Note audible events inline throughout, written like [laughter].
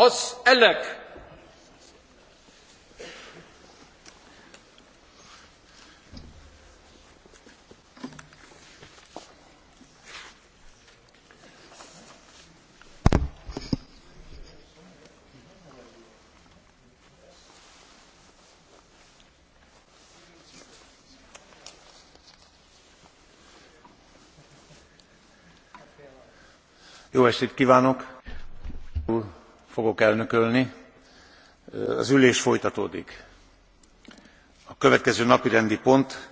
az elek. Jó estét kívánok! fogok elnökölni. Az ülés folytatódik. A következő napirendi pont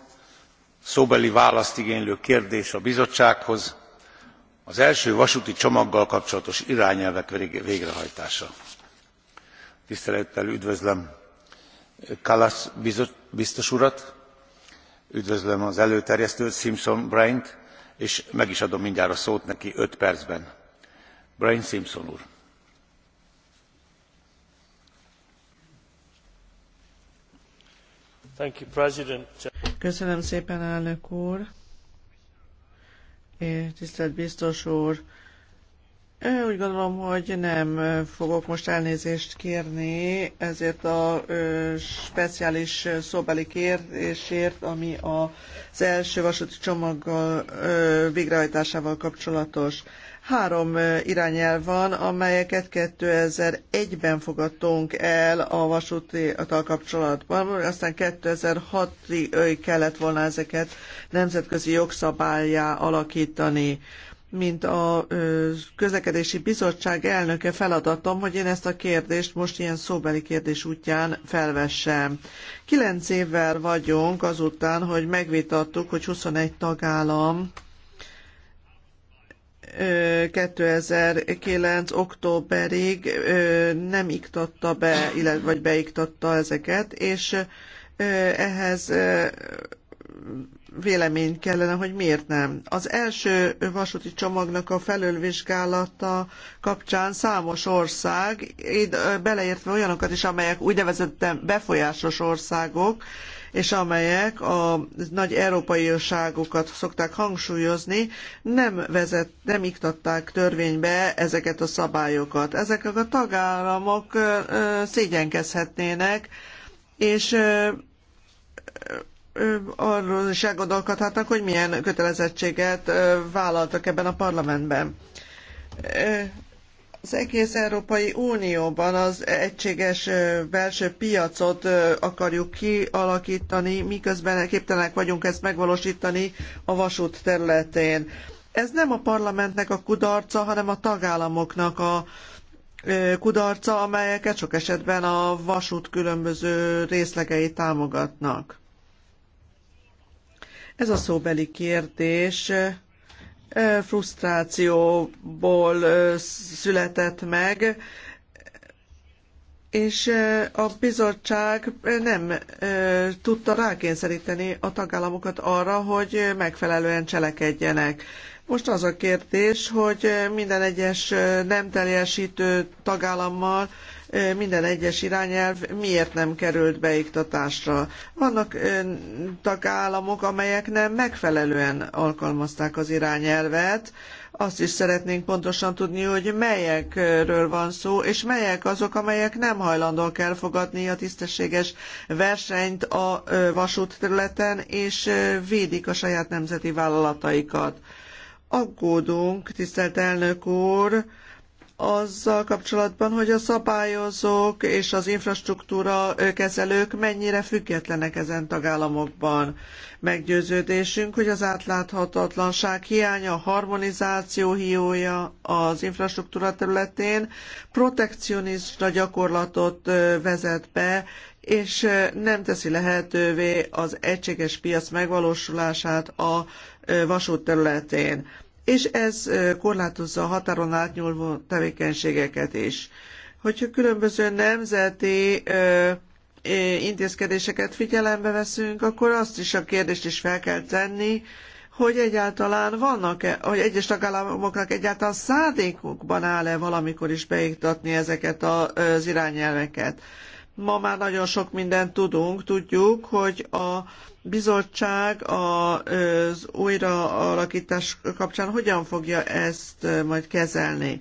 szóbeli választ igénylő kérdés a bizottsághoz az első vasúti csomaggal kapcsolatos irányelvek végrehajtása. tisztelettel üdvözlöm kallas biztos urat üdvözlöm az előterjesztőt simpson brain t és meg is adom mindjárt a szót neki five percben. brain simpson úr! Köszönöm szépen, elnök úr. É, tisztelt biztos úr, úgy gondolom, hogy nem fogok most elnézést kérni ezért a ö, speciális szóbeli kérdésért, ami az első vasúti csomaggal ö, végrehajtásával kapcsolatos. Három irányelv van, amelyeket 2001-ben fogadtunk el a vasútiatal kapcsolatban, aztán 2006-ig kellett volna ezeket nemzetközi jogszabályá alakítani mint a közlekedési bizottság elnöke feladatom, hogy én ezt a kérdést most ilyen szóbeli kérdés útján felvessem. Kilenc évvel vagyunk azután, hogy megvitattuk, hogy 21 tagállam 2009. októberig nem iktatta be, illetve vagy beiktatta ezeket, és ehhez vélemény kellene, hogy miért nem. Az első vasúti csomagnak a felülvizsgálata kapcsán számos ország, beleértve olyanokat is, amelyek úgynevezett befolyásos országok, és amelyek a nagy európai országokat szokták hangsúlyozni, nem, vezet, nem iktatták törvénybe ezeket a szabályokat. Ezek a tagállamok szégyenkezhetnének, és arról is elgondolkodhatnak, hogy milyen kötelezettséget vállaltak ebben a parlamentben az egész Európai Unióban az egységes belső piacot akarjuk kialakítani, miközben képtelenek vagyunk ezt megvalósítani a vasút területén. Ez nem a parlamentnek a kudarca, hanem a tagállamoknak a kudarca, amelyeket sok esetben a vasút különböző részlegei támogatnak. Ez a szóbeli kérdés frusztrációból született meg, és a bizottság nem tudta rákényszeríteni a tagállamokat arra, hogy megfelelően cselekedjenek. Most az a kérdés, hogy minden egyes nem teljesítő tagállammal minden egyes irányelv miért nem került beiktatásra. Vannak tagállamok, amelyek nem megfelelően alkalmazták az irányelvet, azt is szeretnénk pontosan tudni, hogy melyekről van szó, és melyek azok, amelyek nem hajlandóak elfogadni a tisztességes versenyt a vasút területen, és védik a saját nemzeti vállalataikat. Aggódunk, tisztelt elnök úr, azzal kapcsolatban, hogy a szabályozók és az infrastruktúra kezelők mennyire függetlenek ezen tagállamokban. Meggyőződésünk, hogy az átláthatatlanság hiánya, a harmonizáció hiója az infrastruktúra területén protekcionista gyakorlatot vezet be, és nem teszi lehetővé az egységes piac megvalósulását a vasút területén és ez korlátozza a határon átnyúló tevékenységeket is. Hogyha különböző nemzeti intézkedéseket figyelembe veszünk, akkor azt is a kérdést is fel kell tenni, hogy egyáltalán vannak-e, hogy egyes tagállamoknak egyáltalán szándékukban áll-e valamikor is beiktatni ezeket az irányelveket. Ma már nagyon sok mindent tudunk, tudjuk, hogy a bizottság az újraalakítás kapcsán hogyan fogja ezt majd kezelni.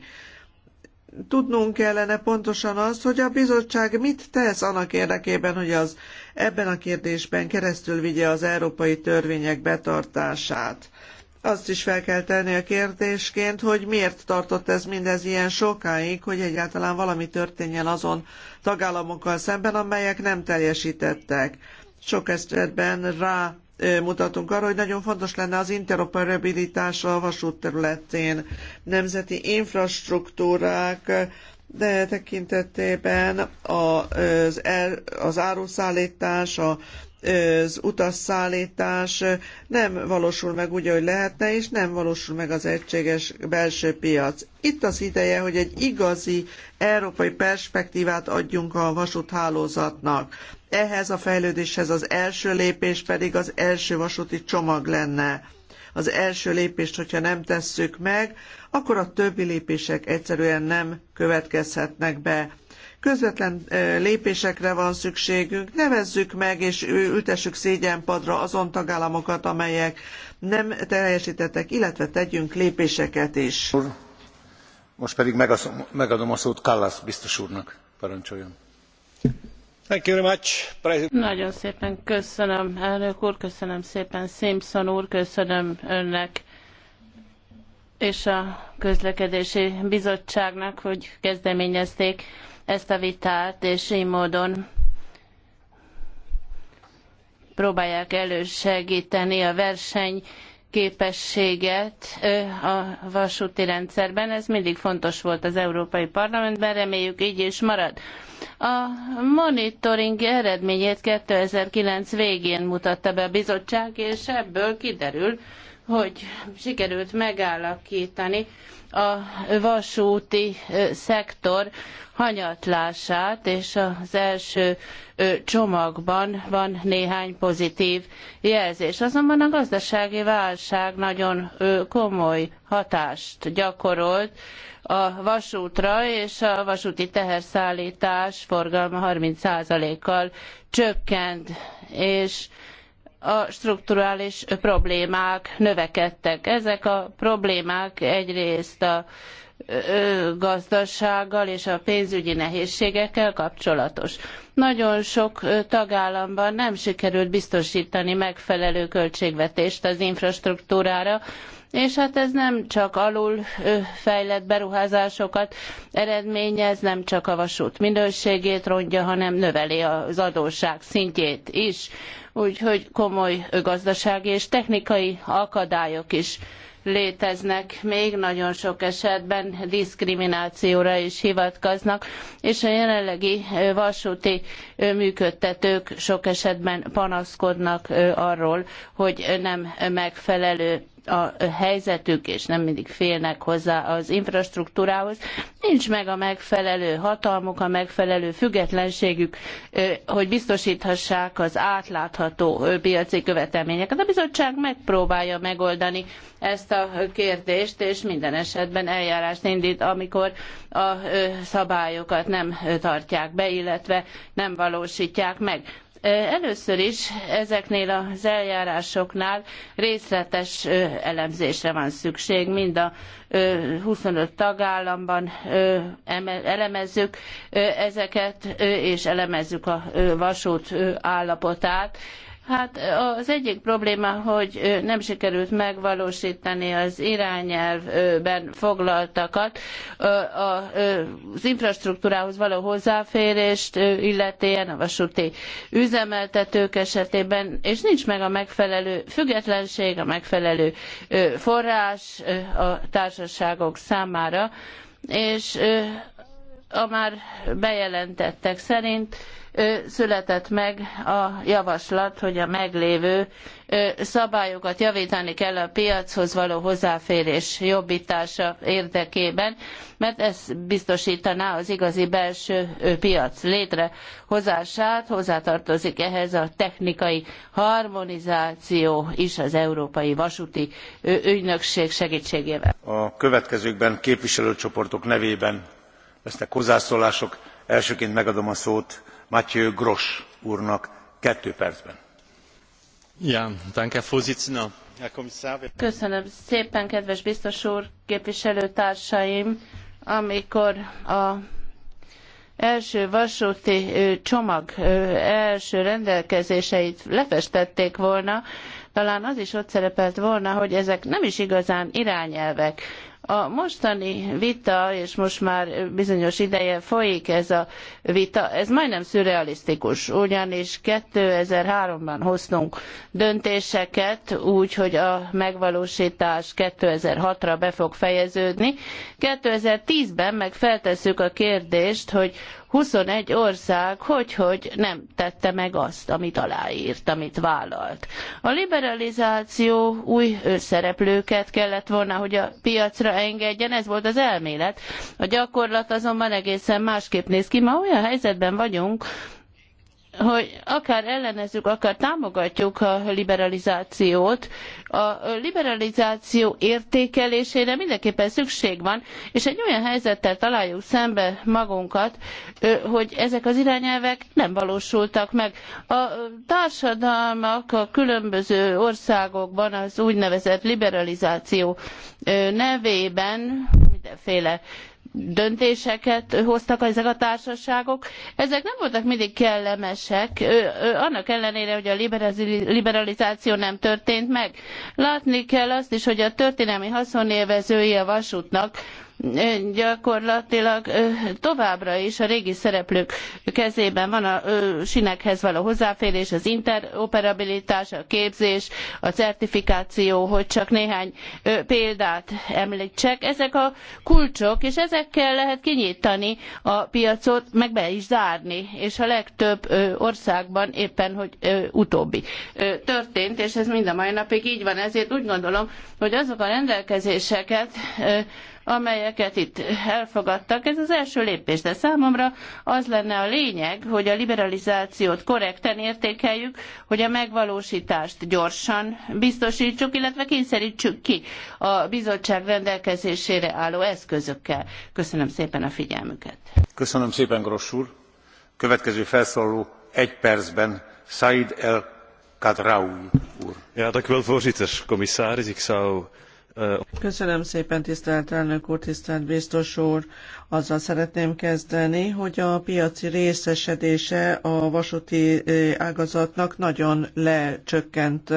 Tudnunk kellene pontosan azt, hogy a bizottság mit tesz annak érdekében, hogy az ebben a kérdésben keresztül vigye az európai törvények betartását azt is fel kell tenni a kérdésként, hogy miért tartott ez mindez ilyen sokáig, hogy egyáltalán valami történjen azon tagállamokkal szemben, amelyek nem teljesítettek. Sok esetben rá mutatunk arra, hogy nagyon fontos lenne az interoperabilitás a vasút területén, nemzeti infrastruktúrák de tekintetében az, az áruszállítás, a az utasszállítás nem valósul meg úgy, ahogy lehetne, és nem valósul meg az egységes belső piac. Itt az ideje, hogy egy igazi európai perspektívát adjunk a vasúthálózatnak. Ehhez a fejlődéshez az első lépés pedig az első vasúti csomag lenne az első lépést, hogyha nem tesszük meg, akkor a többi lépések egyszerűen nem következhetnek be. Közvetlen lépésekre van szükségünk, nevezzük meg és ültessük szégyenpadra azon tagállamokat, amelyek nem teljesítettek, illetve tegyünk lépéseket is. Most pedig megadom a szót Kallas biztos úrnak. Parancsoljon. Nagyon szépen köszönöm, elnök úr, köszönöm szépen, Simpson úr, köszönöm önnek és a közlekedési bizottságnak, hogy kezdeményezték ezt a vitát, és így módon próbálják elősegíteni a verseny képességet a vasúti rendszerben. Ez mindig fontos volt az Európai Parlamentben, reméljük így is marad. A monitoring eredményét 2009 végén mutatta be a bizottság, és ebből kiderül, hogy sikerült megállapítani a vasúti szektor hanyatlását, és az első csomagban van néhány pozitív jelzés. Azonban a gazdasági válság nagyon komoly hatást gyakorolt a vasútra, és a vasúti teherszállítás forgalma 30%-kal csökkent, és a strukturális problémák növekedtek. Ezek a problémák egyrészt a gazdasággal és a pénzügyi nehézségekkel kapcsolatos. Nagyon sok tagállamban nem sikerült biztosítani megfelelő költségvetést az infrastruktúrára, és hát ez nem csak alul fejlett beruházásokat eredményez, nem csak a vasút minőségét rontja, hanem növeli az adósság szintjét is, úgyhogy komoly gazdasági és technikai akadályok is léteznek még, nagyon sok esetben diszkriminációra is hivatkoznak, és a jelenlegi vasúti működtetők sok esetben panaszkodnak arról, hogy nem megfelelő a helyzetük, és nem mindig félnek hozzá az infrastruktúrához. Nincs meg a megfelelő hatalmuk, a megfelelő függetlenségük, hogy biztosíthassák az átlátható piaci követelményeket. A bizottság megpróbálja megoldani ezt a kérdést, és minden esetben eljárást indít, amikor a szabályokat nem tartják be, illetve nem valósítják meg Először is ezeknél az eljárásoknál részletes elemzésre van szükség, mind a 25 tagállamban elemezzük ezeket, és elemezzük a vasút állapotát, Hát az egyik probléma, hogy nem sikerült megvalósítani az irányelvben foglaltakat, az infrastruktúrához való hozzáférést illetően a vasúti üzemeltetők esetében, és nincs meg a megfelelő függetlenség, a megfelelő forrás a társaságok számára, és a már bejelentettek szerint született meg a javaslat, hogy a meglévő szabályokat javítani kell a piachoz való hozzáférés jobbítása érdekében, mert ez biztosítaná az igazi belső piac létrehozását, hozzátartozik ehhez a technikai harmonizáció is az Európai Vasúti Ügynökség segítségével. A következőkben képviselőcsoportok nevében lesznek hozzászólások elsőként megadom a szót mathieu grosch úrnak kettő percben. köszönöm szépen kedves biztos úr képviselőtársaim amikor a első vasúti csomag első rendelkezéseit lefestették volna talán az is ott szerepelt volna hogy ezek nem is igazán irányelvek a mostani vita, és most már bizonyos ideje folyik ez a vita, ez majdnem szürrealisztikus, ugyanis 2003-ban hoztunk döntéseket úgy, hogy a megvalósítás 2006-ra be fog fejeződni. 2010-ben meg feltesszük a kérdést, hogy 21 ország hogy, hogy nem tette meg azt, amit aláírt, amit vállalt. A liberalizáció új szereplőket kellett volna, hogy a piacra engedjen, ez volt az elmélet. A gyakorlat azonban egészen másképp néz ki. Ma olyan helyzetben vagyunk, hogy akár ellenezzük, akár támogatjuk a liberalizációt, a liberalizáció értékelésére mindenképpen szükség van, és egy olyan helyzettel találjuk szembe magunkat, hogy ezek az irányelvek nem valósultak meg. A társadalmak a különböző országokban az úgynevezett liberalizáció nevében mindenféle döntéseket hoztak ezek a társaságok. Ezek nem voltak mindig kellemesek, annak ellenére, hogy a liberalizáció nem történt meg. Látni kell azt is, hogy a történelmi haszonélvezői a vasútnak gyakorlatilag továbbra is a régi szereplők kezében van a sinekhez való hozzáférés, az interoperabilitás, a képzés, a certifikáció, hogy csak néhány példát említsek. Ezek a kulcsok, és ezekkel lehet kinyitani a piacot, meg be is zárni, és a legtöbb országban éppen, hogy utóbbi történt, és ez mind a mai napig így van. Ezért úgy gondolom, hogy azok a rendelkezéseket, amelyeket itt elfogadtak. Ez az első lépés, de számomra az lenne a lényeg, hogy a liberalizációt korrekten értékeljük, hogy a megvalósítást gyorsan biztosítsuk, illetve kényszerítsük ki a bizottság rendelkezésére álló eszközökkel. Köszönöm szépen a figyelmüket. Köszönöm szépen, Gross úr. Következő felszólaló egy percben Said El Kadraoui úr. Ja, dank u wel, voorzitter. Commissaris, ik zou Köszönöm szépen, tisztelt elnök úr, tisztelt biztos úr. Azzal szeretném kezdeni, hogy a piaci részesedése a vasúti ágazatnak nagyon lecsökkent.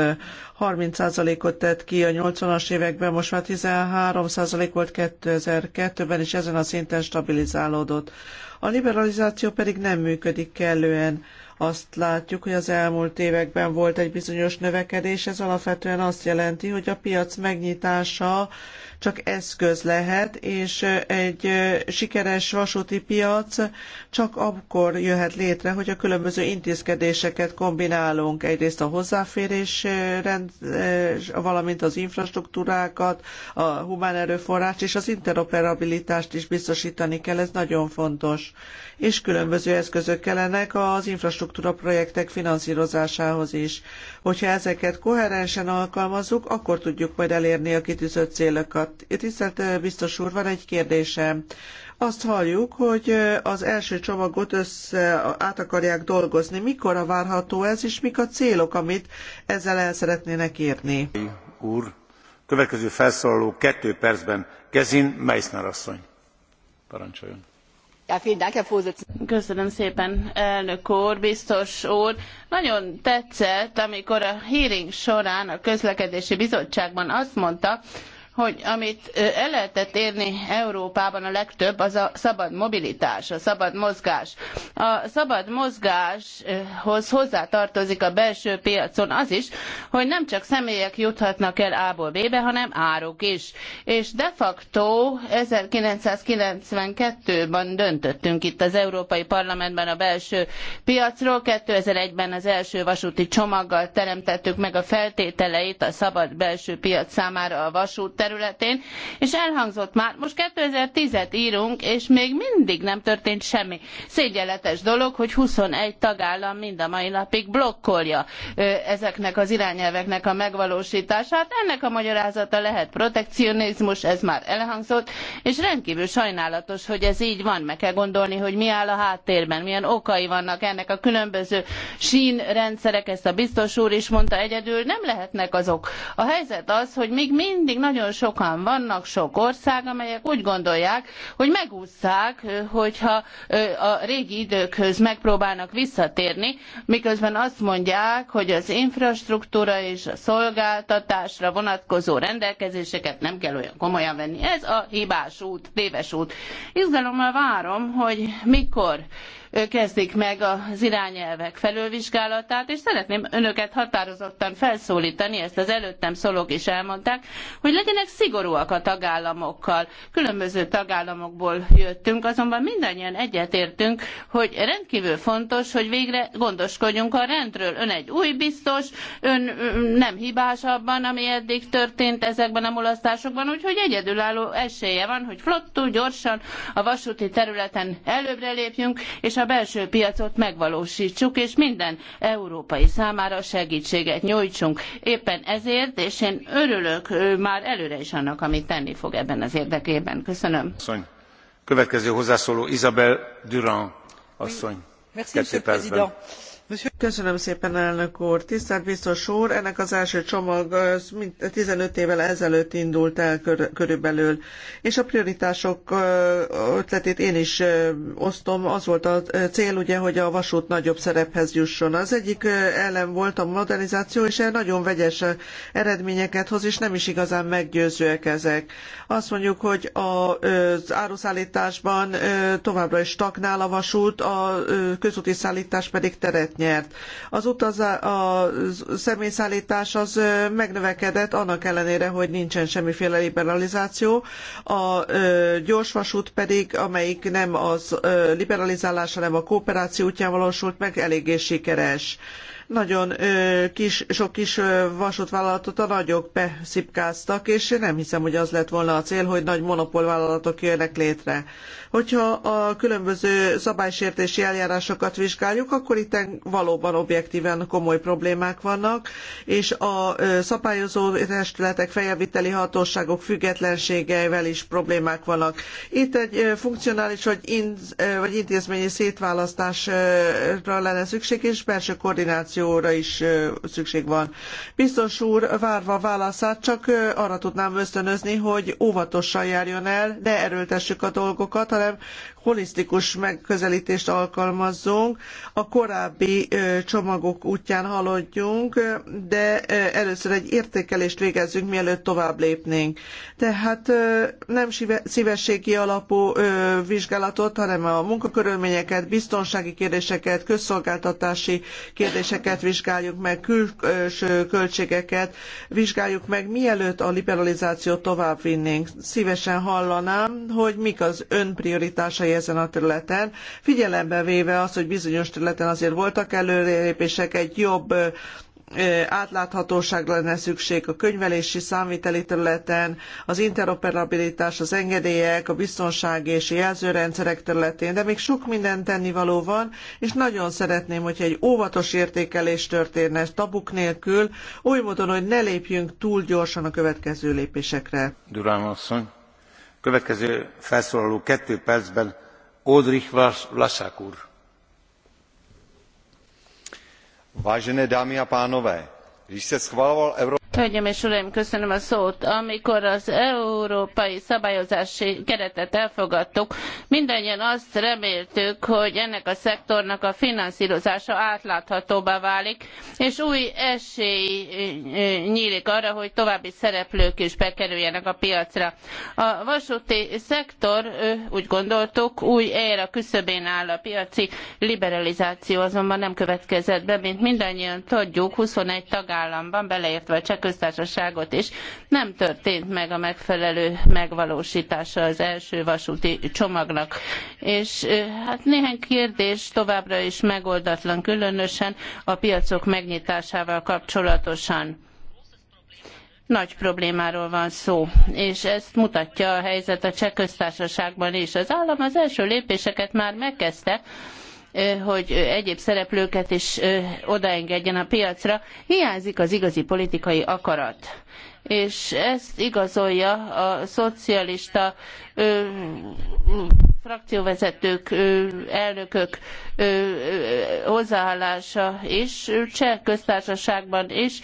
30%-ot tett ki a 80-as években, most már 13% volt 2002-ben, és ezen a szinten stabilizálódott. A liberalizáció pedig nem működik kellően. Azt látjuk, hogy az elmúlt években volt egy bizonyos növekedés, ez alapvetően azt jelenti, hogy a piac megnyitása csak eszköz lehet, és egy sikeres vasúti piac csak akkor jöhet létre, hogy a különböző intézkedéseket kombinálunk. Egyrészt a hozzáférés, rend, valamint az infrastruktúrákat, a humán erőforrás és az interoperabilitást is biztosítani kell, ez nagyon fontos és különböző eszközök kellenek az infrastruktúra projektek finanszírozásához is. Hogyha ezeket koherensen alkalmazzuk, akkor tudjuk majd elérni a kitűzött célokat. Tisztelt biztos úr, van egy kérdésem. Azt halljuk, hogy az első csomagot össze át akarják dolgozni. Mikor várható ez, és mik a célok, amit ezzel el szeretnének érni? Úr, következő felszólaló kettő percben Gezin Meissner asszony. Parancsoljon. Köszönöm szépen, elnök úr, biztos úr. Nagyon tetszett, amikor a hearing során a közlekedési bizottságban azt mondta, hogy amit el lehetett érni Európában a legtöbb, az a szabad mobilitás, a szabad mozgás. A szabad mozgáshoz hozzátartozik a belső piacon az is, hogy nem csak személyek juthatnak el A-ból B-be, hanem áruk is. És de facto 1992-ben döntöttünk itt az Európai Parlamentben a belső piacról, 2001-ben az első vasúti csomaggal teremtettük meg a feltételeit a szabad belső piac számára a vasút területén, és elhangzott már, most 2010-et írunk, és még mindig nem történt semmi. Szégyenletes dolog, hogy 21 tagállam mind a mai napig blokkolja ezeknek az irányelveknek a megvalósítását. Ennek a magyarázata lehet protekcionizmus, ez már elhangzott, és rendkívül sajnálatos, hogy ez így van. Meg kell gondolni, hogy mi áll a háttérben, milyen okai vannak ennek a különböző sínrendszerek, ezt a biztos úr is mondta egyedül, nem lehetnek azok. A helyzet az, hogy még mindig nagyon nagyon sokan vannak, sok ország, amelyek úgy gondolják, hogy megúszszák, hogyha a régi időkhöz megpróbálnak visszatérni, miközben azt mondják, hogy az infrastruktúra és a szolgáltatásra vonatkozó rendelkezéseket nem kell olyan komolyan venni. Ez a hibás út, téves út. Izgalommal várom, hogy mikor kezdik meg az irányelvek felülvizsgálatát, és szeretném önöket határozottan felszólítani, ezt az előttem szólók is elmondták, hogy legyenek szigorúak a tagállamokkal. Különböző tagállamokból jöttünk, azonban mindannyian egyetértünk, hogy rendkívül fontos, hogy végre gondoskodjunk a rendről. Ön egy új biztos, ön nem hibás abban, ami eddig történt ezekben a mulasztásokban, úgyhogy egyedülálló esélye van, hogy flottul, gyorsan a vasúti területen előbbre lépjünk, és a belső piacot megvalósítsuk, és minden európai számára segítséget nyújtsunk. Éppen ezért, és én örülök már előre is annak, amit tenni fog ebben az érdekében. Köszönöm. Asszony. Következő hozzászóló Isabel Durand asszony. Oui. Merci, Köszönöm szépen, elnök úr. Tisztelt biztos úr, ennek az első csomag 15 évvel ezelőtt indult el körülbelül, és a prioritások ötletét én is osztom. Az volt a cél, ugye, hogy a vasút nagyobb szerephez jusson. Az egyik elem volt a modernizáció, és nagyon vegyes eredményeket hoz, és nem is igazán meggyőzőek ezek. Azt mondjuk, hogy az áruszállításban továbbra is stagnál a vasút, a közúti szállítás pedig teret nyert. Az utazá, a személyszállítás az megnövekedett, annak ellenére, hogy nincsen semmiféle liberalizáció. A gyorsvasút pedig, amelyik nem az liberalizálás, hanem a kooperáció útján valósult meg, eléggé sikeres nagyon kis, sok kis vasútvállalatot a nagyok beszipkáztak, és én nem hiszem, hogy az lett volna a cél, hogy nagy monopolvállalatok jönnek létre. Hogyha a különböző szabálysértési eljárásokat vizsgáljuk, akkor itt valóban objektíven komoly problémák vannak, és a szabályozó testületek, fejelviteli hatóságok függetlenségeivel is problémák vannak. Itt egy funkcionális vagy, in, vagy intézményi szétválasztásra lenne szükség, és belső koordináció információra is szükség van. Biztos úr, várva a válaszát, csak arra tudnám ösztönözni, hogy óvatosan járjon el, ne erőltessük a dolgokat, hanem holisztikus megközelítést alkalmazzunk, a korábbi csomagok útján haladjunk, de először egy értékelést végezzünk, mielőtt tovább lépnénk. Tehát nem szívességi alapú vizsgálatot, hanem a munkakörülményeket, biztonsági kérdéseket, közszolgáltatási kérdéseket vizsgáljuk meg, külső költségeket vizsgáljuk meg, mielőtt a liberalizációt tovább vinnénk. Szívesen hallanám, hogy mik az ön prioritásai európai ezen a területen, figyelembe véve azt, hogy bizonyos területen azért voltak előrelépések, egy jobb átláthatóságra lenne szükség a könyvelési számviteli területen, az interoperabilitás, az engedélyek, a biztonság és jelzőrendszerek területén, de még sok minden tennivaló van, és nagyon szeretném, hogyha egy óvatos értékelés történne tabuk nélkül, oly módon, hogy ne lépjünk túl gyorsan a következő lépésekre. Durán asszony következő felszólaló kettő percben oldrich vlasák úr. vážené dámy a pánové když se schvaloval evropský rozpočet Hölgyeim és Uraim, köszönöm a szót. Amikor az európai szabályozási keretet elfogadtuk, mindannyian azt reméltük, hogy ennek a szektornak a finanszírozása átláthatóbbá válik, és új esély nyílik arra, hogy további szereplők is bekerüljenek a piacra. A vasúti szektor, úgy gondoltuk, új éra küszöbén áll a piaci liberalizáció, azonban nem következett be, mint mindannyian tudjuk, 21 tagállamban, beleértve a köztársaságot is. Nem történt meg a megfelelő megvalósítása az első vasúti csomagnak. És hát néhány kérdés továbbra is megoldatlan, különösen a piacok megnyitásával kapcsolatosan nagy problémáról van szó, és ezt mutatja a helyzet a cseh köztársaságban is. Az állam az első lépéseket már megkezdte, hogy egyéb szereplőket is odaengedjen a piacra, hiányzik az igazi politikai akarat és ezt igazolja a szocialista ö, frakcióvezetők, ö, elnökök ö, ö, hozzáállása is, cseh köztársaságban is,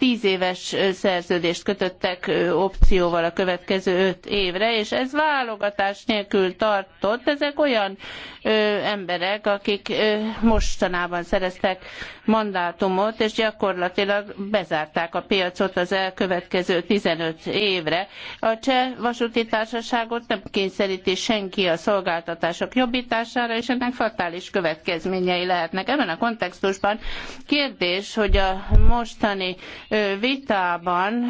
tíz éves szerződést kötöttek opcióval a következő öt évre, és ez válogatás nélkül tartott. Ezek olyan ö, emberek, akik ö, mostanában szereztek mandátumot, és gyakorlatilag bezárták a piacot az elkövetkező 15 évre. A cseh vasúti társaságot nem kényszeríti senki a szolgáltatások jobbítására, és ennek fatális következményei lehetnek. Ebben a kontextusban kérdés, hogy a mostani vitában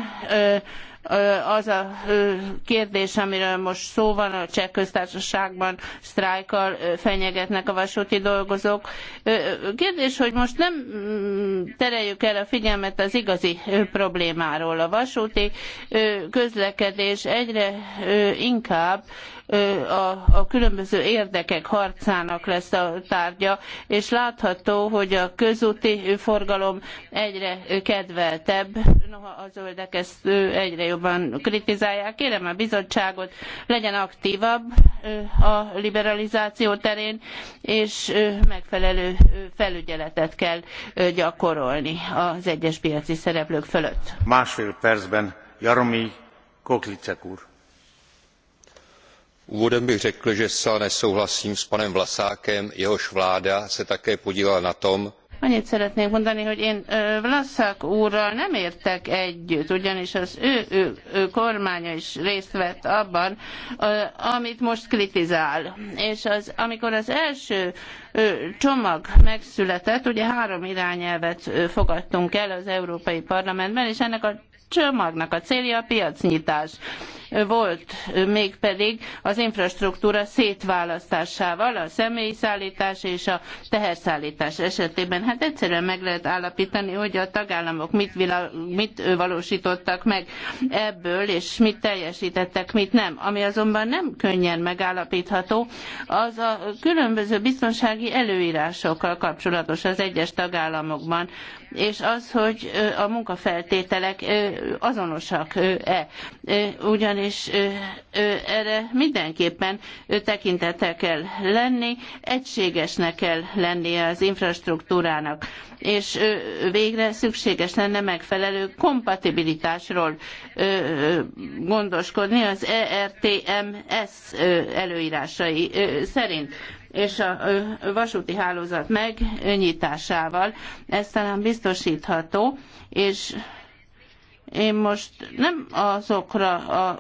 az a kérdés, amiről most szó van, a cseh köztársaságban sztrájkkal fenyegetnek a vasúti dolgozók. Kérdés, hogy most nem mm, tereljük el a figyelmet az igazi problémáról. A vasúti közlekedés egyre inkább a, a, különböző érdekek harcának lesz a tárgya, és látható, hogy a közúti forgalom egyre kedveltebb, noha a zöldek ezt egyre jobban kritizálják. Kérem a bizottságot, legyen aktívabb a liberalizáció terén, és megfelelő felügyeletet kell gyakorolni az egyes piaci szereplők fölött. Másfél percben Jaromi Koklicek úr. Úvodem bych řekl, že zcela nesouhlasím s panem Vlasákem, jehož vláda se také podílela na tom, Annyit szeretnék mondani, hogy én Vlaszak úrral nem értek együtt, ugyanis az ő, ő, ő kormánya is részt vett abban, amit most kritizál. És az, amikor az első csomag megszületett, ugye három irányelvet fogadtunk el az Európai Parlamentben, és ennek a csomagnak a célja a piacnyitás volt mégpedig az infrastruktúra szétválasztásával a személyszállítás és a teherszállítás esetében. Hát egyszerűen meg lehet állapítani, hogy a tagállamok mit, mit valósítottak meg ebből, és mit teljesítettek, mit nem. Ami azonban nem könnyen megállapítható, az a különböző biztonsági előírásokkal kapcsolatos az egyes tagállamokban és az, hogy a munkafeltételek azonosak-e. Ugyanis erre mindenképpen tekintettel kell lenni, egységesnek kell lennie az infrastruktúrának, és végre szükséges lenne megfelelő kompatibilitásról gondoskodni az ERTMS előírásai szerint és a vasúti hálózat megnyitásával. Ez talán biztosítható, és én most nem azokra a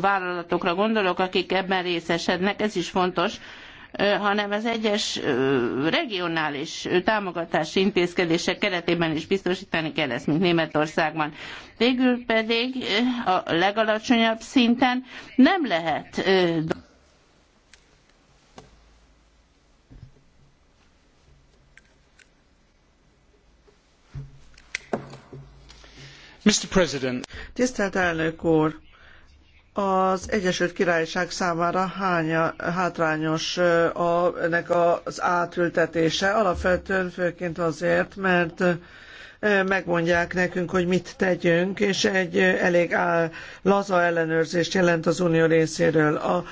vállalatokra gondolok, akik ebben részesednek, ez is fontos, hanem az egyes regionális támogatási intézkedések keretében is biztosítani kell ezt, mint Németországban. Végül pedig a legalacsonyabb szinten nem lehet Tisztelt elnök úr! Az Egyesült Királyság számára hátrányos a, ennek az átültetése? Alapvetően főként azért, mert megmondják nekünk, hogy mit tegyünk, és egy elég laza ellenőrzést jelent az unió részéről. A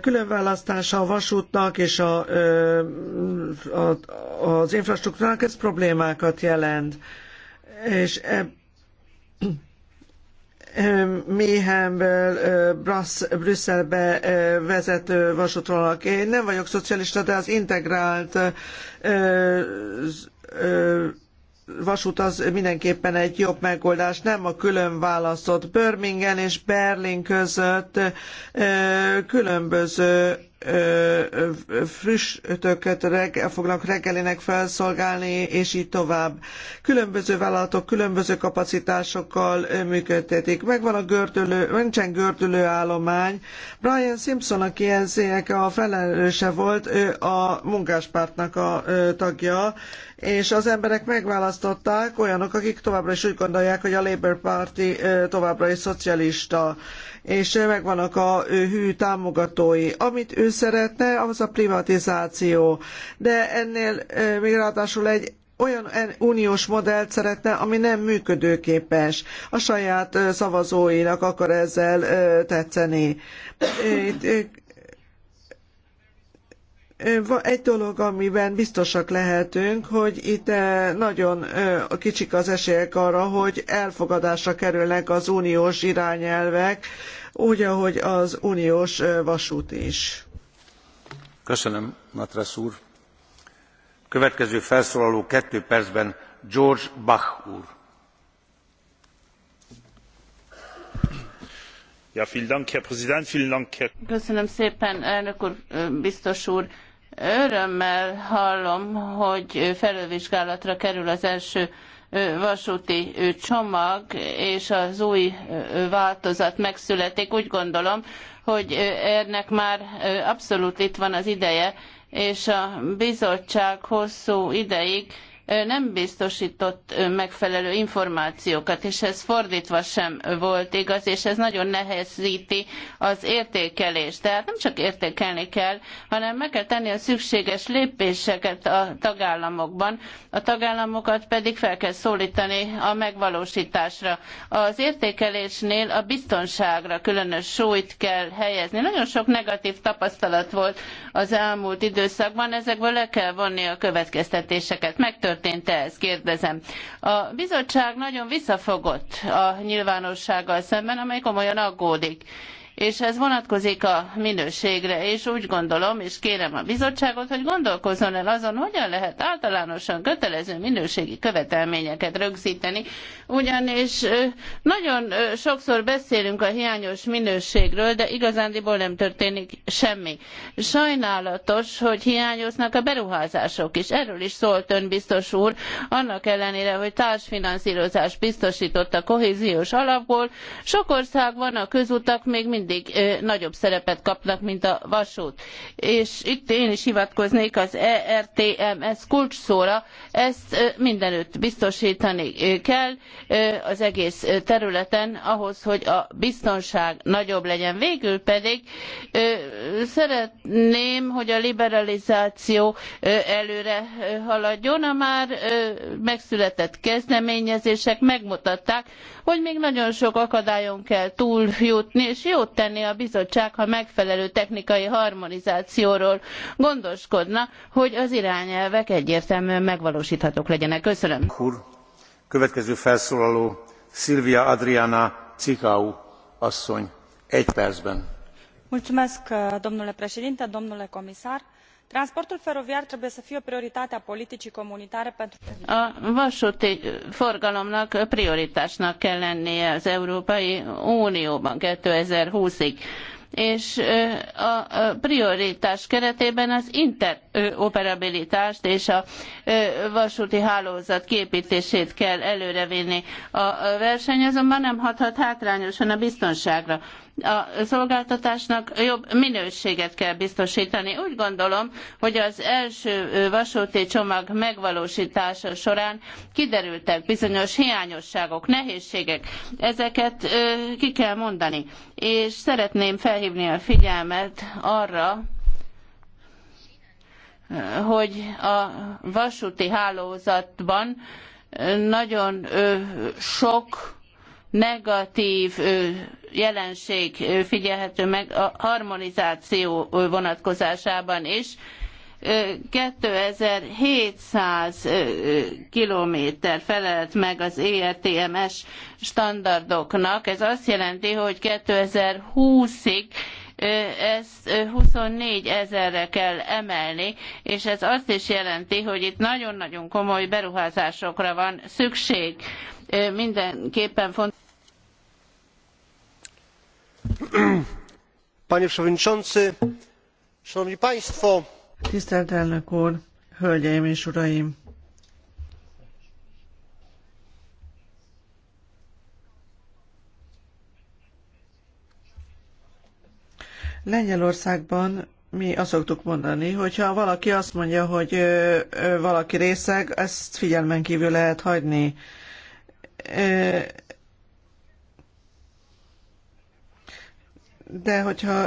különválasztása a vasútnak és a, a, az infrastruktúrának ez problémákat jelent. És ebben Méhemből Brüsszelbe vezető vasútvonalak. Én nem vagyok szocialista, de az integrált vasút az mindenképpen egy jobb megoldás, nem a külön választott Birmingham és Berlin között különböző frissütőket reggel, fognak reggelinek felszolgálni, és így tovább. Különböző vállalatok különböző kapacitásokkal működtetik. Megvan a gördülő, nincsen gördülő állomány. Brian Simpson, aki ennek a felelőse volt, ő a munkáspártnak a tagja, és az emberek megválasztották olyanok, akik továbbra is úgy gondolják, hogy a Labour Party továbbra is szocialista, és megvannak a hű támogatói. Amit ő szeretne, az a privatizáció. De ennél még ráadásul egy olyan uniós modellt szeretne, ami nem működőképes. A saját szavazóinak akar ezzel tetszeni. egy dolog, amiben biztosak lehetünk, hogy itt nagyon kicsik az esélyek arra, hogy elfogadásra kerülnek az uniós irányelvek, úgy, ahogy az uniós vasút is. Köszönöm, Következő felszólaló kettő percben George Bach úr. Köszönöm szépen, elnök úr, biztos úr. Örömmel hallom, hogy felülvizsgálatra kerül az első vasúti csomag, és az új változat megszületik. Úgy gondolom, hogy ennek már abszolút itt van az ideje, és a bizottság hosszú ideig nem biztosított megfelelő információkat, és ez fordítva sem volt igaz, és ez nagyon nehezíti az értékelést. Tehát nem csak értékelni kell, hanem meg kell tenni a szükséges lépéseket a tagállamokban, a tagállamokat pedig fel kell szólítani a megvalósításra. Az értékelésnél a biztonságra különös súlyt kell helyezni. Nagyon sok negatív tapasztalat volt az elmúlt időszakban, ezekből le kell vonni a következtetéseket. Megtört történt ez, kérdezem. A bizottság nagyon visszafogott a nyilvánossággal szemben, amely komolyan aggódik és ez vonatkozik a minőségre, és úgy gondolom, és kérem a bizottságot, hogy gondolkozzon el azon, hogyan lehet általánosan kötelező minőségi követelményeket rögzíteni, ugyanis nagyon sokszor beszélünk a hiányos minőségről, de igazándiból nem történik semmi. Sajnálatos, hogy hiányoznak a beruházások is. Erről is szólt ön biztos úr, annak ellenére, hogy társfinanszírozást biztosított a kohéziós alapból, sok országban a közutak még mindig mindig nagyobb szerepet kapnak, mint a vasút. És itt én is hivatkoznék az ERTMS kulcsszóra, ezt mindenütt biztosítani kell az egész területen ahhoz, hogy a biztonság nagyobb legyen. Végül pedig szeretném, hogy a liberalizáció előre haladjon. A már megszületett kezdeményezések megmutatták, hogy még nagyon sok akadályon kell túljutni, és jót tenni a bizottság, ha megfelelő technikai harmonizációról gondoskodna, hogy az irányelvek egyértelműen megvalósíthatók legyenek. Köszönöm. Úr, következő felszólaló Silvia Adriana Cikau asszony, egy percben. Mulțumesc, domnule președinte, domnule comisar transportul feroviar trebuie să fie o prioritate a politicii comunitare pentru. a vasúti forgalomnak prioritásnak kell lennie az európai unióban two thousand and twenty ig és a prioritás keretében az interoperabilitást és a vasúti hálózat kiépítését kell előrevinni. A verseny azonban nem hathat hátrányosan a biztonságra a szolgáltatásnak jobb minőséget kell biztosítani. Úgy gondolom, hogy az első vasúti csomag megvalósítása során kiderültek bizonyos hiányosságok, nehézségek. Ezeket ki kell mondani. És szeretném felhívni a figyelmet arra, hogy a vasúti hálózatban nagyon sok negatív jelenség figyelhető meg a harmonizáció vonatkozásában is. 2700 kilométer felelt meg az ERTMS standardoknak. Ez azt jelenti, hogy 2020-ig ezt 24 ezerre kell emelni, és ez azt is jelenti, hogy itt nagyon-nagyon komoly beruházásokra van szükség. Mindenképpen fontos [clears throat] panie przewodniczący! szanowni państwo! tisztelt elnök úr! hölgyeim és uraim! lengyelországban mi azt szoktuk mondani, ha valaki azt mondja, hogy valaki részeg, ezt figyelmen kívül lehet hagyni. de hogyha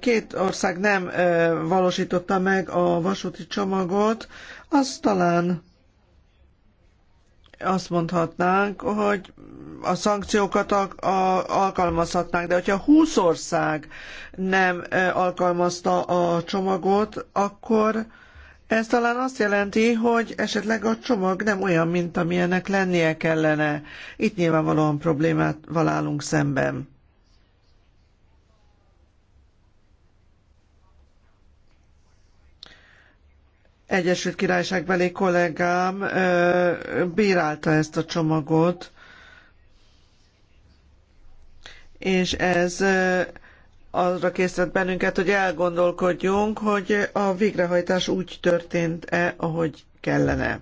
két ország nem valósította meg a vasúti csomagot, az talán azt mondhatnánk, hogy a szankciókat a, a, alkalmazhatnánk, de hogyha 20 ország nem alkalmazta a csomagot, akkor ez talán azt jelenti, hogy esetleg a csomag nem olyan, mint amilyennek lennie kellene. Itt nyilvánvalóan problémát valálunk szemben. Egyesült Királyságbeli kollégám bírálta ezt a csomagot, és ez arra készített bennünket, hogy elgondolkodjunk, hogy a végrehajtás úgy történt-e, ahogy kellene.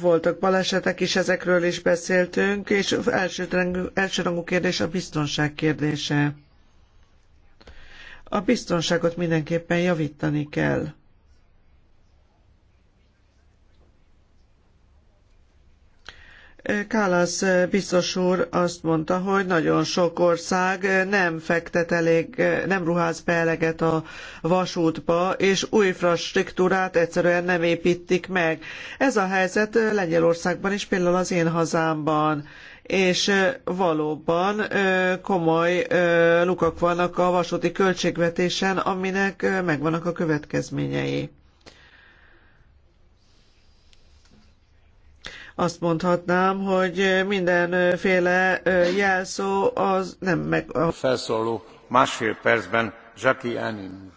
Voltak balesetek is, ezekről is beszéltünk, és elsőrangú első kérdés a biztonság kérdése. A biztonságot mindenképpen javítani kell. Kálasz biztos úr azt mondta, hogy nagyon sok ország nem fektet elég, nem ruház be eleget a vasútba, és új infrastruktúrát egyszerűen nem építik meg. Ez a helyzet Lengyelországban is, például az én hazámban és valóban komoly lukak vannak a vasúti költségvetésen, aminek megvannak a következményei. azt mondhatnám, hogy mindenféle jelszó az nem meg... A felszóló másfél percben Jackie Ánin.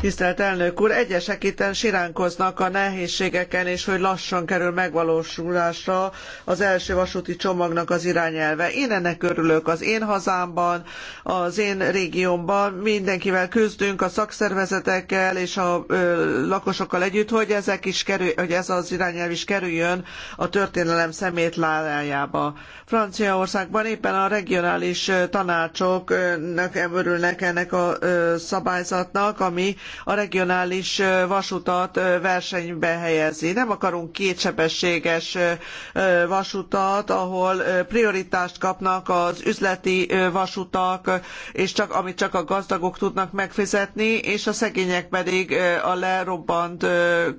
Tisztelt elnök úr, egyesek itten siránkoznak a nehézségeken, és hogy lassan kerül megvalósulásra az első vasúti csomagnak az irányelve. Én ennek örülök. Az én hazámban, az én régiómban mindenkivel küzdünk, a szakszervezetekkel és a lakosokkal együtt, hogy, ezek is kerül, hogy ez az irányelv is kerüljön a történelem szemétlájába. Franciaországban éppen a regionális tanácsoknak örülnek ennek a szabály kormányzatnak, ami a regionális vasutat versenybe helyezi. Nem akarunk kétsebességes vasutat, ahol prioritást kapnak az üzleti vasutak, és csak, amit csak a gazdagok tudnak megfizetni, és a szegények pedig a lerobbant,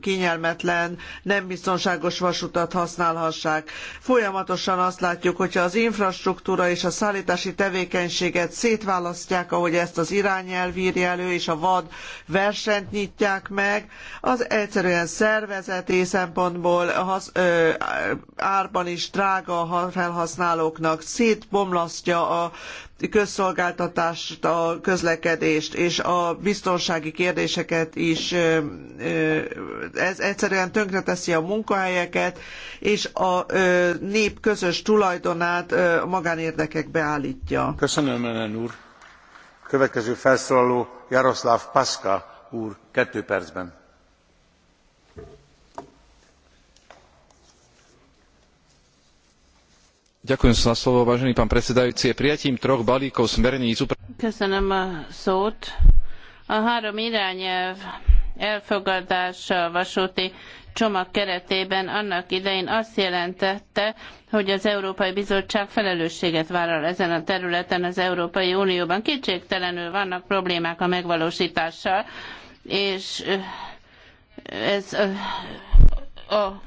kényelmetlen, nem biztonságos vasutat használhassák. Folyamatosan azt látjuk, hogyha az infrastruktúra és a szállítási tevékenységet szétválasztják, ahogy ezt az irányelv írja elő, és a vad versenyt nyitják meg, az egyszerűen szervezeti szempontból hasz, ö, árban is drága a felhasználóknak, szétbomlasztja a közszolgáltatást, a közlekedést és a biztonsági kérdéseket is. Ez egyszerűen tönkreteszi a munkahelyeket, és a nép közös tulajdonát magánérdekekbe állítja. Köszönöm, Ellen úr következő felszólaló jaroszlav paka úr two percben. prijatím troch balíkov smerníc a három irányelv elfogadása a vasúti csomag keretében annak idején azt jelentette, hogy az Európai Bizottság felelősséget vállal ezen a területen az Európai Unióban. Kétségtelenül vannak problémák a megvalósítással, és eh, ez eh, a, a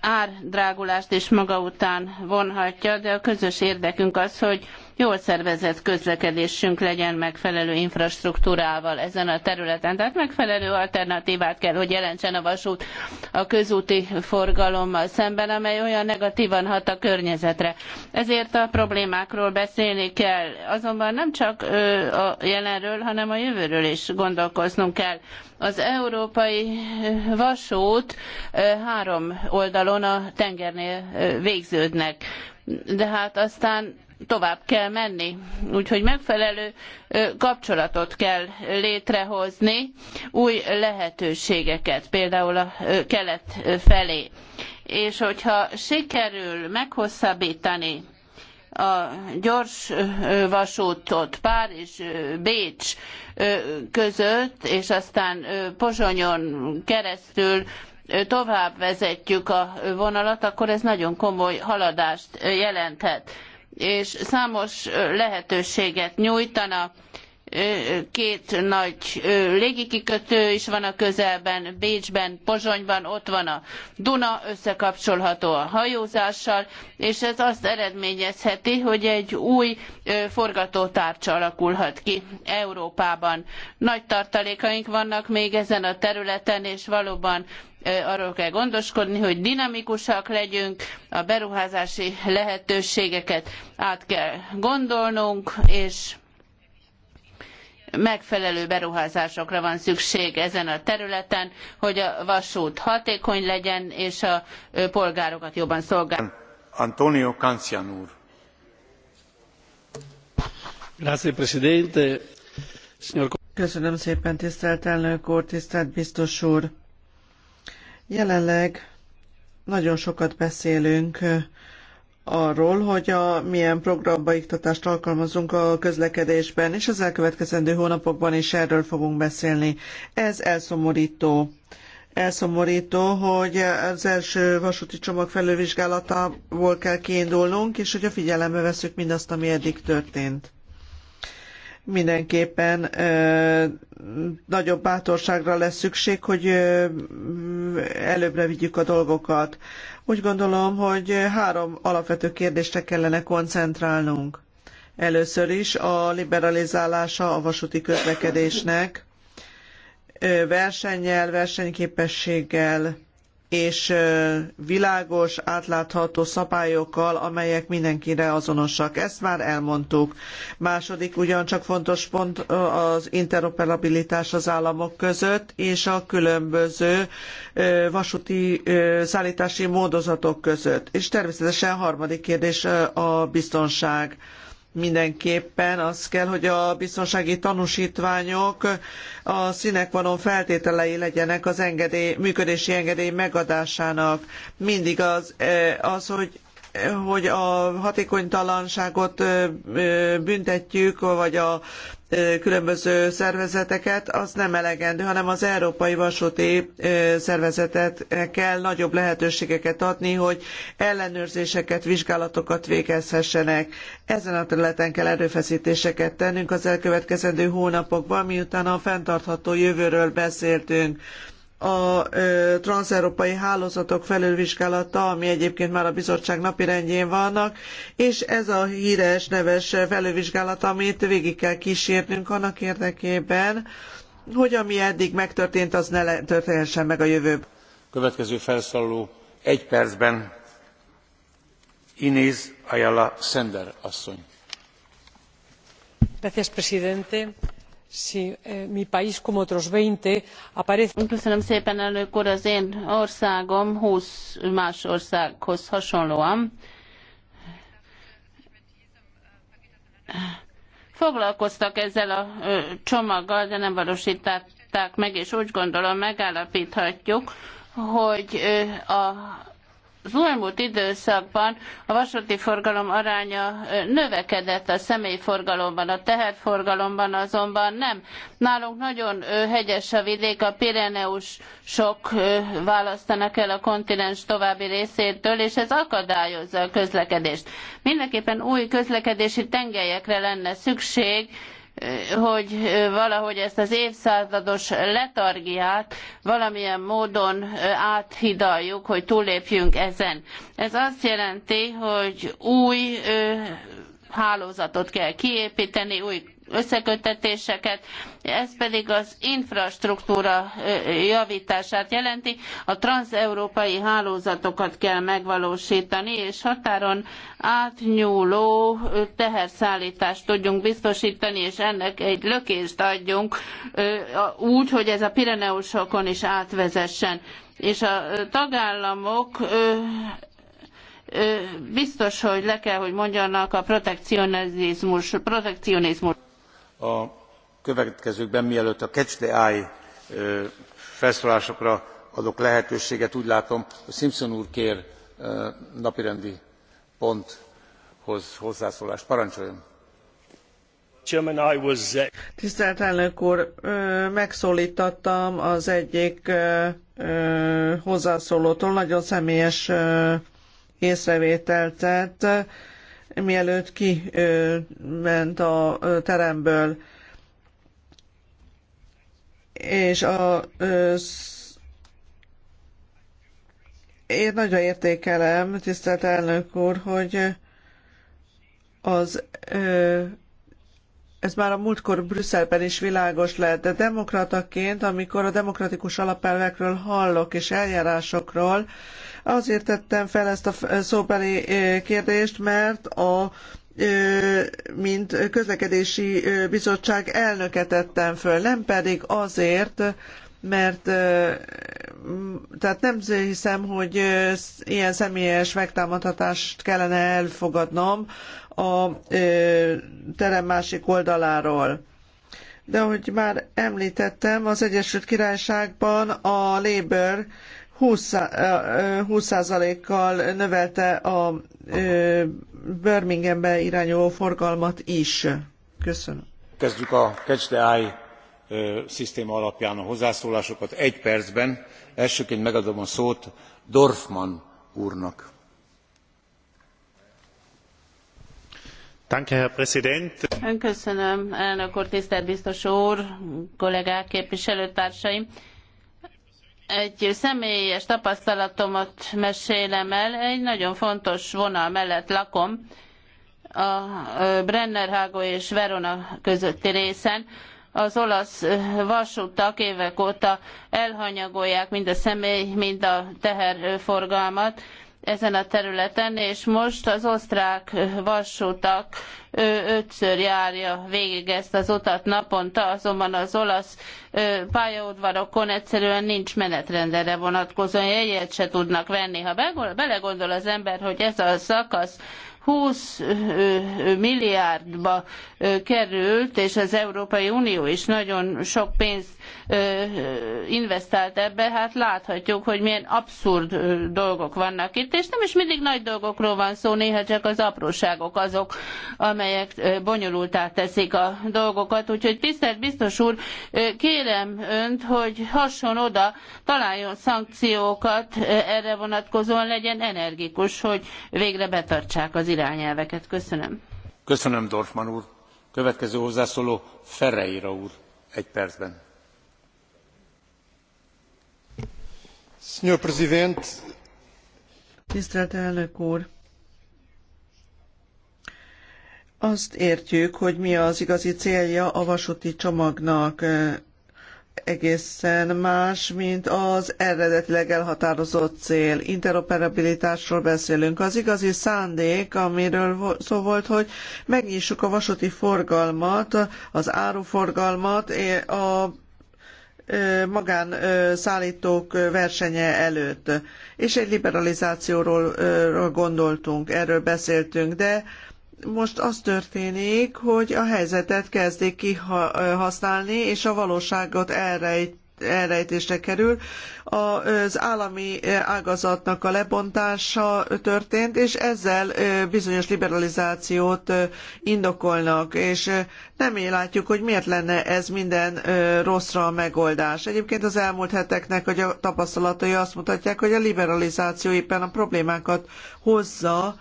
árdrágulást is maga után vonhatja, de a közös érdekünk az, hogy jól szervezett közlekedésünk legyen megfelelő infrastruktúrával ezen a területen. Tehát megfelelő alternatívát kell, hogy jelentsen a vasút a közúti forgalommal szemben, amely olyan negatívan hat a környezetre. Ezért a problémákról beszélni kell. Azonban nem csak a jelenről, hanem a jövőről is gondolkoznunk kell. Az európai vasút három oldalon a tengernél végződnek de hát aztán tovább kell menni. Úgyhogy megfelelő kapcsolatot kell létrehozni, új lehetőségeket, például a kelet felé. És hogyha sikerül meghosszabbítani a gyors vasútot Párizs, Bécs között, és aztán Pozsonyon keresztül tovább vezetjük a vonalat, akkor ez nagyon komoly haladást jelenthet és számos lehetőséget nyújtanak két nagy légikikötő is van a közelben, Bécsben, Pozsonyban, ott van a Duna, összekapcsolható a hajózással, és ez azt eredményezheti, hogy egy új forgatótárcsa alakulhat ki Európában. Nagy tartalékaink vannak még ezen a területen, és valóban arról kell gondoskodni, hogy dinamikusak legyünk, a beruházási lehetőségeket át kell gondolnunk, és megfelelő beruházásokra van szükség ezen a területen, hogy a vasút hatékony legyen, és a polgárokat jobban szolgálja. Antonio Cancian úr. Köszönöm szépen, tisztelt elnök úr, tisztelt biztos úr! Jelenleg nagyon sokat beszélünk arról, hogy a, milyen programba iktatást alkalmazunk a közlekedésben, és az elkövetkezendő hónapokban is erről fogunk beszélni. Ez elszomorító. Elszomorító, hogy az első vasúti csomag felülvizsgálatából kell kiindulnunk, és hogy a figyelembe veszük mindazt, ami eddig történt mindenképpen ö, nagyobb bátorságra lesz szükség, hogy ö, előbbre vigyük a dolgokat. Úgy gondolom, hogy három alapvető kérdésre kellene koncentrálnunk. Először is a liberalizálása a vasúti közlekedésnek versennyel, versenyképességgel és világos, átlátható szabályokkal, amelyek mindenkire azonosak. Ezt már elmondtuk. Második ugyancsak fontos pont az interoperabilitás az államok között és a különböző vasúti szállítási módozatok között. És természetesen harmadik kérdés a biztonság mindenképpen az kell, hogy a biztonsági tanúsítványok a színekvanon feltételei legyenek az engedély, működési engedély megadásának. Mindig az, az hogy hogy a hatékonytalanságot büntetjük, vagy a különböző szervezeteket, az nem elegendő, hanem az Európai Vasúti Szervezetet kell nagyobb lehetőségeket adni, hogy ellenőrzéseket, vizsgálatokat végezhessenek. Ezen a területen kell erőfeszítéseket tennünk az elkövetkezendő hónapokban, miután a fenntartható jövőről beszéltünk a transzeurópai hálózatok felülvizsgálata, ami egyébként már a bizottság napirendjén vannak, és ez a híres, neves felülvizsgálat, amit végig kell kísérnünk annak érdekében, hogy ami eddig megtörtént, az ne történhessen meg a jövőben. Következő felszólaló egy percben Inés Ayala Sender asszony. Gracias, presidente Eh, mi país como otros aparece. Köszönöm szépen, elnök úr, az én országom húsz más országhoz hasonlóan foglalkoztak ezzel a csomaggal, de nem valóstották meg, és úgy gondolom megállapthatjuk hogy a az elmúlt időszakban a vasúti forgalom aránya növekedett a személyforgalomban, a teherforgalomban azonban nem. Nálunk nagyon hegyes a vidék, a Pireneus sok választanak el a kontinens további részétől, és ez akadályozza a közlekedést. Mindenképpen új közlekedési tengelyekre lenne szükség, hogy valahogy ezt az évszázados letargiát valamilyen módon áthidaljuk, hogy túllépjünk ezen. Ez azt jelenti, hogy új hálózatot kell kiépíteni, új összeköttetéseket, ez pedig az infrastruktúra javítását jelenti. A transeurópai hálózatokat kell megvalósítani, és határon átnyúló teherszállítást tudjunk biztosítani, és ennek egy lökést adjunk úgy, hogy ez a Pireneusokon is átvezessen. És a tagállamok biztos, hogy le kell, hogy mondjanak a protekcionizmus, protekcionizmus a következőkben mielőtt a catch the eye felszólalásokra adok lehetőséget úgy látom hogy simpson úr kér napirendi ponthoz hozzászólást. parancsoljon! tisztelt elnök úr megszóltattam az egyik hozzászólótól nagyon személyes észrevételt tett mielőtt ki ment a teremből. És a én nagyon értékelem, tisztelt elnök úr, hogy az ez már a múltkor Brüsszelben is világos lett, de demokrataként, amikor a demokratikus alapelvekről hallok és eljárásokról, azért tettem fel ezt a szóbeli kérdést, mert a mint közlekedési bizottság elnöke tettem föl, nem pedig azért, mert tehát nem hiszem, hogy ilyen személyes megtámadhatást kellene elfogadnom a terem másik oldaláról. De ahogy már említettem, az Egyesült Királyságban a Labour 20%-kal növelte a Birminghambe irányuló forgalmat is. Köszönöm. Kezdjük a Catch the Eye szisztéma alapján a hozzászólásokat egy percben. elsőként megadom a szót dorfmann úrnak. elnök úr, tisztelt biztos úr, kollégák, képviselőtársaim! Egy személyes tapasztalatomat mesélem el. Egy nagyon fontos vonal mellett lakom, a Brennerhágó és Verona közötti részen az olasz vasútak évek óta elhanyagolják mind a személy, mind a teherforgalmat ezen a területen, és most az osztrák vasútak ötször járja végig ezt az utat naponta, azonban az olasz pályaudvarokon egyszerűen nincs menetrendere vonatkozóan, jegyet se tudnak venni. Ha belegondol az ember, hogy ez a szakasz 20 milliárdba került, és az Európai Unió is nagyon sok pénzt investált ebbe, hát láthatjuk, hogy milyen abszurd dolgok vannak itt, és nem is mindig nagy dolgokról van szó, néha csak az apróságok azok, amelyek bonyolultá teszik a dolgokat, úgyhogy tisztelt biztos úr, kérem önt, hogy hasson oda, találjon szankciókat erre vonatkozóan, legyen energikus, hogy végre betartsák az irányelveket. Köszönöm. Köszönöm, Dorfman úr. Következő hozzászóló Ferreira úr, egy percben. Senhor Presidente, Tisztelt elnök úr! Azt értjük, hogy mi az igazi célja a vasúti csomagnak egészen más, mint az eredetileg elhatározott cél. Interoperabilitásról beszélünk. Az igazi szándék, amiről szó volt, hogy megnyissuk a vasúti forgalmat, az áruforgalmat a magánszállítók versenye előtt. És egy liberalizációról gondoltunk, erről beszéltünk, de most az történik, hogy a helyzetet kezdik kihasználni, és a valóságot elrejt elrejtésre kerül. Az állami ágazatnak a lebontása történt, és ezzel bizonyos liberalizációt indokolnak, és nem látjuk, hogy miért lenne ez minden rosszra a megoldás. Egyébként az elmúlt heteknek a tapasztalatai azt mutatják, hogy a liberalizáció éppen a problémákat hozza,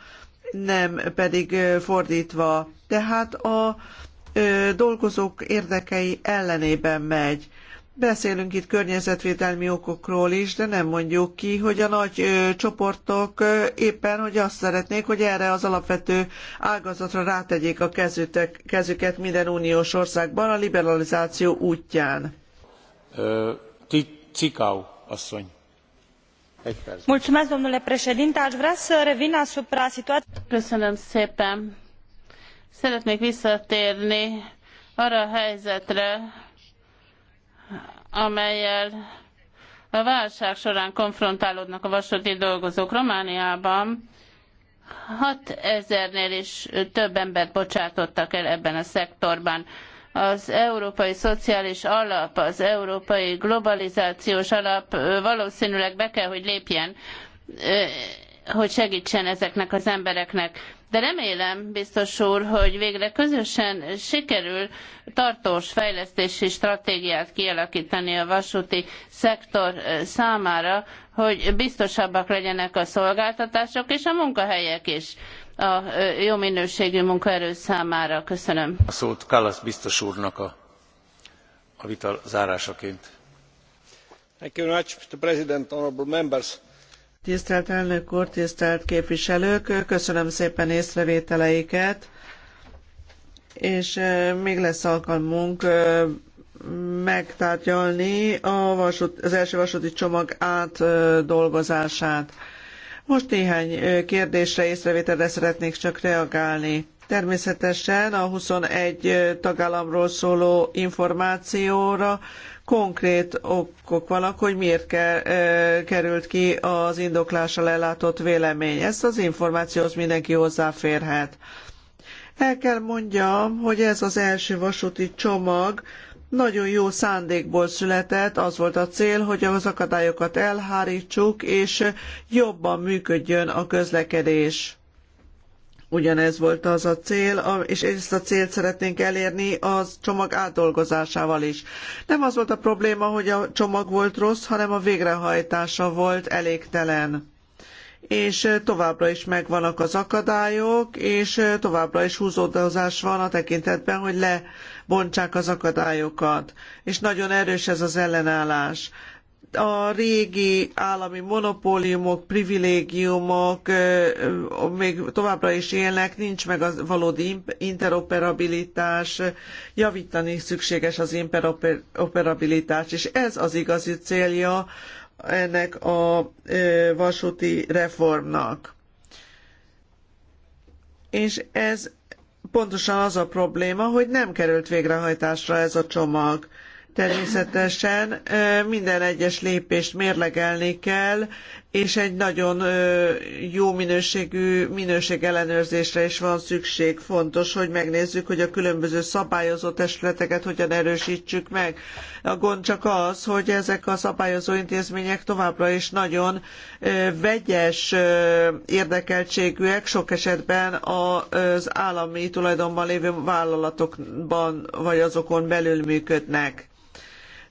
nem pedig fordítva. Tehát a dolgozók érdekei ellenében megy. Beszélünk itt környezetvédelmi okokról is, de nem mondjuk ki, hogy a nagy ö, csoportok ö, éppen, hogy azt szeretnék, hogy erre az alapvető ágazatra rátegyék a kezütek, kezüket minden uniós országban a liberalizáció útján. Ö, ti, cikau asszony a vrea să revin asupra situaiei. szeretnék visszatérni arra a helyzetre amellyel a válság során konfrontálódnak a vasúti dolgozók romániában. 6000-nél is több embert bocsátottak el ebben a szektorban az Európai Szociális Alap, az Európai Globalizációs Alap valószínűleg be kell, hogy lépjen, hogy segítsen ezeknek az embereknek. De remélem, biztos úr, hogy végre közösen sikerül tartós fejlesztési stratégiát kialakítani a vasúti szektor számára, hogy biztosabbak legyenek a szolgáltatások és a munkahelyek is a jó minőségű munkaerő számára. Köszönöm. A szót Kallas biztos úrnak a, a vita zárásaként. Thank you much, Mr. President, honorable members. Tisztelt elnök úr, tisztelt képviselők, köszönöm szépen észrevételeiket, és még lesz alkalmunk megtárgyalni a vasút, az első vasúti csomag átdolgozását. Most néhány kérdésre, észrevételre szeretnék csak reagálni. Természetesen a 21 tagállamról szóló információra konkrét okok vannak, hogy miért került ki az indoklással ellátott vélemény. Ezt az információhoz mindenki hozzáférhet. El kell mondjam, hogy ez az első vasúti csomag, nagyon jó szándékból született, az volt a cél, hogy az akadályokat elhárítsuk, és jobban működjön a közlekedés. Ugyanez volt az a cél, és ezt a célt szeretnénk elérni az csomag átdolgozásával is. Nem az volt a probléma, hogy a csomag volt rossz, hanem a végrehajtása volt elégtelen és továbbra is megvannak az akadályok, és továbbra is húzódozás van a tekintetben, hogy le bontsák az akadályokat. És nagyon erős ez az ellenállás a régi állami monopóliumok, privilégiumok még továbbra is élnek, nincs meg a valódi interoperabilitás, javítani szükséges az interoperabilitás, és ez az igazi célja ennek a vasúti reformnak. És ez pontosan az a probléma, hogy nem került végrehajtásra ez a csomag. Természetesen minden egyes lépést mérlegelni kell, és egy nagyon jó minőségű minőségellenőrzésre is van szükség. Fontos, hogy megnézzük, hogy a különböző szabályozó testületeket hogyan erősítsük meg. A gond csak az, hogy ezek a szabályozó intézmények továbbra is nagyon vegyes érdekeltségűek, sok esetben az állami tulajdonban lévő vállalatokban vagy azokon belül működnek.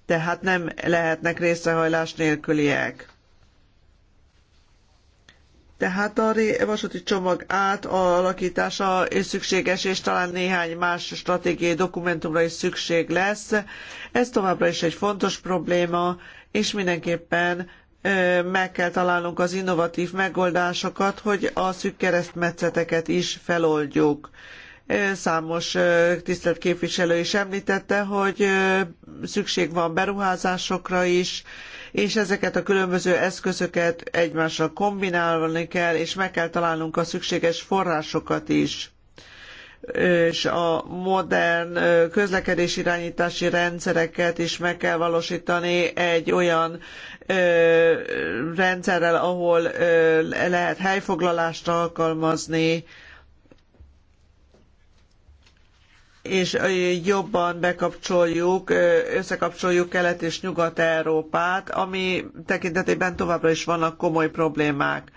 Tehát nem lehetnek részrehajlás nélküliek tehát a vasúti csomag átalakítása is szükséges, és talán néhány más stratégiai dokumentumra is szükség lesz. Ez továbbra is egy fontos probléma, és mindenképpen meg kell találnunk az innovatív megoldásokat, hogy a szűk keresztmetszeteket is feloldjuk. Számos tisztelt képviselő is említette, hogy szükség van beruházásokra is, és ezeket a különböző eszközöket egymással kombinálni kell, és meg kell találnunk a szükséges forrásokat is és a modern közlekedési irányítási rendszereket is meg kell valósítani egy olyan rendszerrel, ahol lehet helyfoglalást alkalmazni, és jobban bekapcsoljuk, összekapcsoljuk Kelet és Nyugat-Európát, ami tekintetében továbbra is vannak komoly problémák.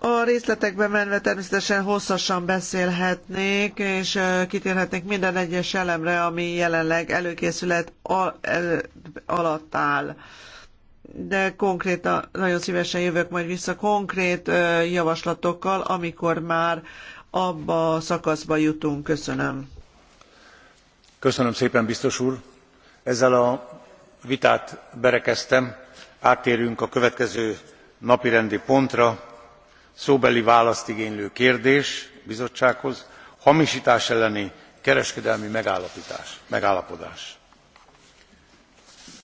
A részletekbe menve természetesen hosszasan beszélhetnék, és kitérhetnék minden egyes elemre, ami jelenleg előkészület alatt áll. De konkrétan, nagyon szívesen jövök majd vissza konkrét javaslatokkal, amikor már abba a szakaszba jutunk. Köszönöm. Köszönöm szépen, biztos úr. Ezzel a vitát berekeztem. Áttérünk a következő napirendi pontra. Szóbeli választ igénylő kérdés bizottsághoz. Hamisítás elleni kereskedelmi megállapodás.